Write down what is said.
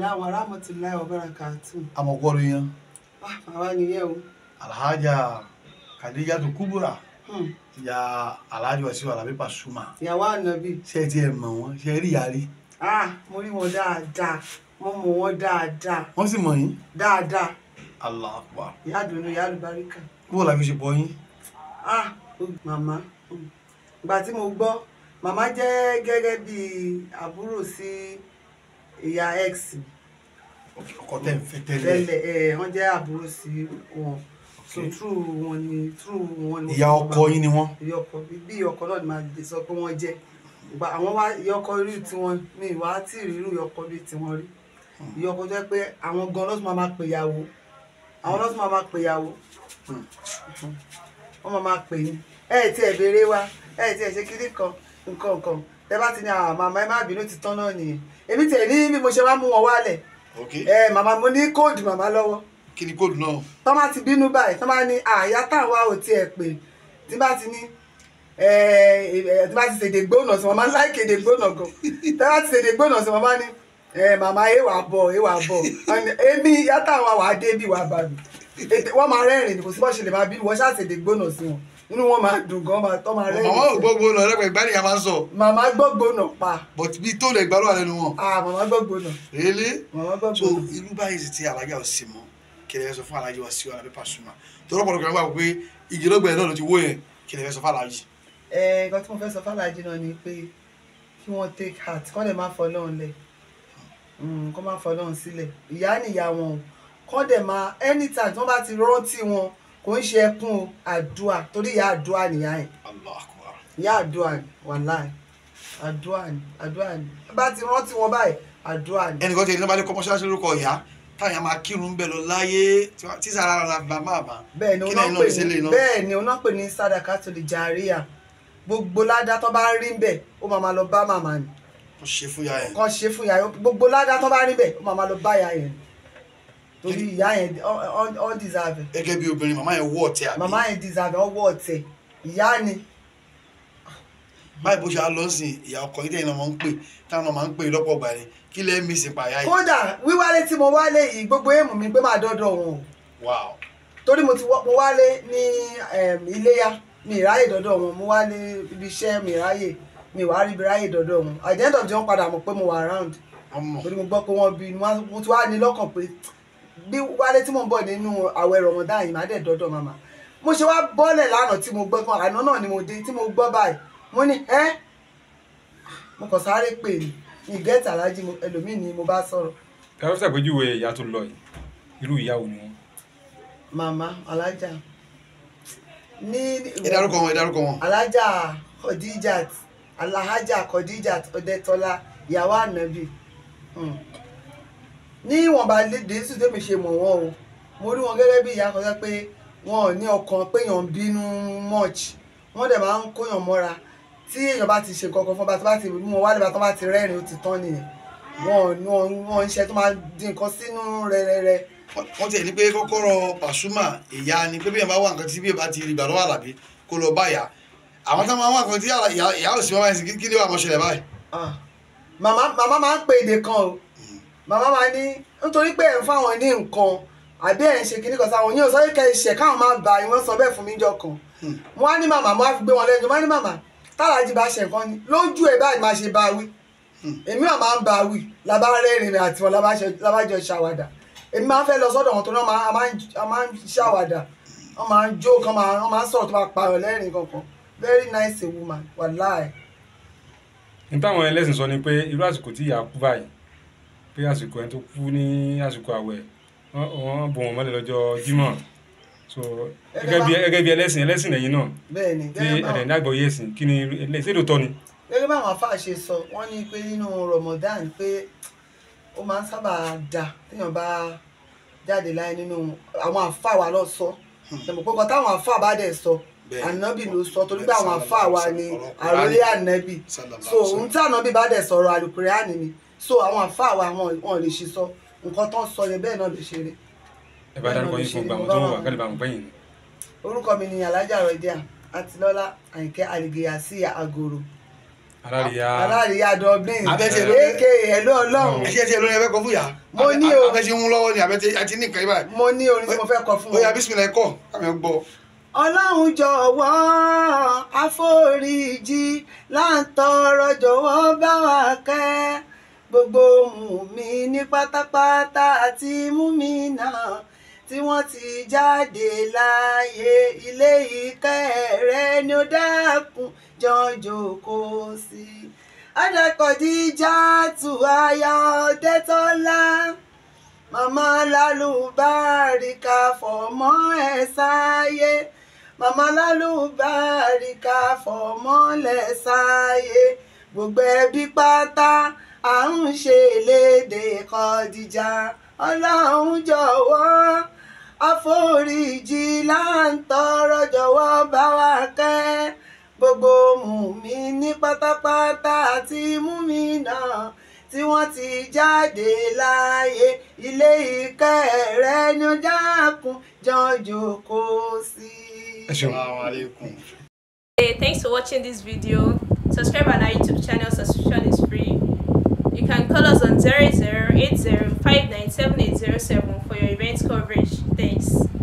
alaikum wa rahmatullahi wa barakatuh. amọ̀kọ́rọ̀ yẹn. bàbá nìyẹn o. alhaja kadija tó kúbúra hmm. ìyá alhaji wa síwájú alábí Pasuma. ìyàwó ànábì. ṣé ẹ ti ẹ mọ̀ wọ́n ṣé ẹ rí ìyá rí. ah mo rí wọn dáadáa mo mọ̀ wọ́n dáadáa. wọ́n sì mọ̀ yín. dáadáa. Allahu Akbar. ìyá àdùnnú ìyá àlùbáríkà. bó la ṣe bọ yín. ah màmá ìgbà tí mo gbọ́ màmá jẹ́ gẹ́gẹ́ bíi àbúrò sí. Si ìyá x ọkọ tẹ n fẹ́ tẹ́lẹ̀ tẹ́lẹ̀ ẹ wọn jẹ àbúrò sí wọn so true wọn ni true wọn ni. ìyá ọkọ yín ni wọn. ìyá ọkọ bí ọkọ náà ni màá sọ pé wọn jẹ àwọn wá ìyá ọkọ rí tiwọn ní ìwà tí ìrírú ìyá ọkọ bí tiwọn rí hmm. ìyá ọkọ jẹ pé àwọn gan lọ́sùn máa máa pèyàwó àwọn hmm. lọ́sùn máa máa pèyàwó wọ́n máa máa pè ní ẹ̀ tí ẹ̀ béèrè wa ẹ̀ tí ẹ̀ ṣe kiri kan nǹkan nǹkan tẹ bá ti ní àwọn ah, màmá ẹ má bínú ti tán náà nìyẹn èmi tẹ ní bí mo ṣe wá mú wọn wálẹ̀ ẹ màmá mo ní kóòdù màmá lọ́wọ́ kí ni kóòdù náà. tọ́ bá ti bínú báyìí tọ́ bá ní àyà ah, táwa ò tiẹ̀ pè tí bá ti ní tí bá ti ṣèdè gbóná sí màmá láìké èdè gbóná gan tí bá ti ṣèdè gbóná sí màmá ní màmá èèwà bọ̀ èèwà bọ̀ èmi yàtà wa wà á dé bí wà bàbí wọ́n máa rẹ́rìn kò sí bọ́ inú wọn máa dùn gan máa tọ́ máa rẹ́yìn. màmá gbogbo nà lẹ́pẹ̀ ìgbà nìyà máa ń sọ. màmá gbogbo nà pa. but bí tó lè gbàlúwà lẹ́nu wọn. ah màmá gbogbo nà. èlé so irú báyìí ti alájà ò sí mọ kẹlẹ sọ fún alájà wa sí wa lábẹ́ Pasuma tọrọ pọlọ kan wà pé ìjìlọgbẹ náà ló ti wó yẹn kẹlẹ sọ fún alájì. ẹ nǹkan tí mo fẹ́ sọ fún alájì náà ni pé kí wọ́n take heart kọ́ dẹ̀ máa fọlọ́run lẹ̀ hmm, kọ́ máa fọlọ́run sílẹ̀ ìyá nìyá wọn kọ́ dẹ̀ máa anytime tí wọ́n bá ti rántí wọn kò ń ṣe ẹkún o àdúà torí ìyá àdúà nìyá ẹ̀ ìyá àdúà ni wàláì àdúà ni àdúà ni bá ti rántí wọn báyìí àdúà ni. ẹnì kan ti ní lọ́ba ní kọ́mọ́ṣáṣí lórúkọ ìyá táyà máa kírun bẹ́ẹ̀ lọ láyé tí sara ara bá máa bá kí náà iná ìṣẹ̀lẹ̀ iná. bẹ́ẹ̀ ni oná pè ní sadaka tó lè jàríyà gbogbo ládá tó bá rí bẹ́ẹ̀ ó máa máa lọ bá màmá ni. kọ́ ṣe fún yàrá yẹn. kọ́ ṣe fún yàrá yẹn gbogbo ládá tó bá rí bẹ́ẹ̀ ó máa máa lọ bá yàrá yẹn torí ìyá yẹn all deserve. gẹ́gẹ́ bí obìnrin màmá yẹn wọ ọ̀tẹ̀ àbí. màmá yẹn deserve ọ wọ ọ̀tẹ̀ ìyá ni. báyìí bó ṣe á lọ sí ìyá ọkọ yìí tẹ̀yìn náà máa ń pè táwọn máa ń pè lọ́pọ̀ ìgbà rẹ̀ kí lẹ́ẹ̀ mi sì pààyà yìí. kódà wíwálé tí mo wálé yìí gbogbo èèmù mi pé máa dọ́dọ̀ wọn o. wow. torí mo ti mo wálé ní iléyà mi ìráyè dọ́dọ̀ wọn mo wálé ibi iṣẹ́ mi ìráyè mi ìwà rí ibi ráyè dọ́dọ̀ wọn at the end of the day wọ́n padà mọ̀ pé mo wà around. ọmọ torí mo gbọ́ pé wọ́n bí mo ti wá ní lọ́kàn pé bí wálé tí mò ń bọ̀ nínú àwẹ̀ rọ̀mọ̀dán yìí má dẹ̀ dọ́dọ̀ màmá mo ṣe wá bọ́lẹ̀ lánàá tí mo gbọ́ kan àná náà ni mo dé tí mo gbọ́ báyìí mo ní ẹ́ mo kàn sáré pè ní ìgẹ́tà alájí ẹlòmíì ni mo bá sọ̀rọ̀. ẹ̀rọ ṣàpèjúwe ìyá tó lọ yìí irú ìyá wo ni wọ́n. màmá alájà ní. ẹ dárúkọ wọn ẹ dárúkọ wọn. alájà Khadijat alahajà Khadijat Ọdẹtọlá ìyàwó ànábì. Hmm ní ìwọ̀nba lédè sí tèmi ṣe mọ̀ wọ́n o mo rí wọn gẹ́gẹ́ bí ìyá kan sọ pé wọn ò ní ọkàn péyàn bínú much wọ́n dẹ̀ máa ń kóyàn mọ́ra tí èèyàn bá ti ṣe kankan fún ọba tó bá mú wọn wálé bá tó bá ti rẹ́rìn ó ti tán nìyẹn wọn wọn ń ṣe tó máa di nǹkan sínú rẹrẹrẹ. wọ́n tiẹ̀ ní pé kọ́kọ́rọ́ Pasuma ìyá ni pé bí èèyàn bá wà nǹkan tí bí èèyàn bá ti rí ìgbà lọ́wọ́ àlàbí kó lọ bá ìyá àwọn táwọn máa ń wà nǹkan tí ìyá ò sì máa ń sìn kí ni wàá mọ̀ ṣẹlẹ̀ báyìí. Ah, màmá máa ń pe èdè kan o bàbá máa ní nítorí pé ẹ̀ ń fáwọn ní nǹkan àbí ẹ̀ ń ṣe kíní kan sáwọn yín ò sọ́yìn kẹ́ẹ̀ṣẹ̀ káwọn máa bá ìwọ́n sọ bẹ́ẹ̀ fún mi jọ kan hmm. wọ́n á ní màmá wọ́n á fi gbé wọn lẹ́nu wọ́n á ní màmá tálájì bá ṣe nǹkan ni lójú ẹ̀ báyìí máa ṣe bá wí hmm. èmi náà máa ń bá wí labá rẹ́rìn àti wọn labájọ ṣàwàdà èmi máa ń fẹ́ lọ sọ́dọ̀ wọn tó náà máa ń ṣàwàdà wọ́n máa ń jó kan wọ́n máa ń sọ̀rọ̀ tó máa pààrọ̀ lẹ́rìn kankan very nice woman wàláì. nípa àwọn ẹlẹ́sìn sọ ni pé irú àsìkò tí ìyá kú báyìí pé àsìkò ẹni tó kú ní àsìkò àwẹ̀ wọ́n bò wọ́n mọ́lẹ̀ lọ́jọ́ Jímọ̀ so gẹ́gẹ́ bí ẹlẹ́sìn ẹlẹ́sìn lẹ́yìn náà tí ẹ̀dẹ̀ ní àgbọ̀yé ẹ̀sìn kí ni ilé ìṣèlú tọ́ ni. gẹ́gẹ́ báwọn afáà ṣe sọ wọ́n ní pé nínú Ramadan pé ó máa ń sábà dà téèyàn bá jáde láyé nínú àwọn afáà wa lọ sọ hmm. ṣùgbọ́n pé kọ́tà àwọn afáà bá dẹ̀ sọ ànábì ló sọ torí pé àwọn afáà wa ni àròlé ànábì so ohun tí ànábì bá dẹ̀ sọ̀rọ̀ àlùkùrẹ́ ni so àwọn àfáà wa àwọn ìkan lè ṣe sọ nǹkan tó ń sọ yẹn bẹ́ẹ̀ náà lè ṣe rẹ̀. ẹ bá dárúkọ yín fún gbàmù tó ń wà kálíbà mú bẹ́yìn orúkọ mi ni alájà rọdíà àtilọ́lá àyìnkẹ́ àlìgèyà sí àgòrò alárìíyá alárìíyá dublin abẹ́tẹ̀ ló ẹ̀lú ọlọ́run ẹ̀ṣẹ̀ ẹ̀ṣẹ̀ lórí ẹ̀fẹ́ kọ fún yà mo ní o abẹ́tẹ̀ ń lọ́wọ́ ni abẹ́tẹ̀ àti ní ọlọ́run jọ̀wọ́ àforíjì láǹtọ̀rọ̀ jọ̀wọ́ bá wa kẹ́ gbogbo mùmíní pátápátá àti mùmínà tí wọ́n ti jáde láàyè ilé ìkẹ́ rẹ ni ó dákun jọjọ kó sí i. Adakọ̀díjà tù aya Ọdẹ́tọ́lá màmá lálùbáríkà fọmọ ẹ sáyé màmá lálùbáríkà fọmọ lẹ sáyé gbogbo ẹbí pátá à ń ṣe léde Kọ́díjà ọlọ́run jọ̀wọ́ àforíjì là ń bá wa kẹ́ gbogbo mùmí ní pátápátá àti múmi náà tí wọ́n ti jáde láàyè ilé ìkẹ́ rẹ ni ó dákun jọjọ kó sí. Hey, thanks for watching this video. Subscribe on our YouTube channel. Subscription is free. You can call us on 0080 for your event coverage. Thanks.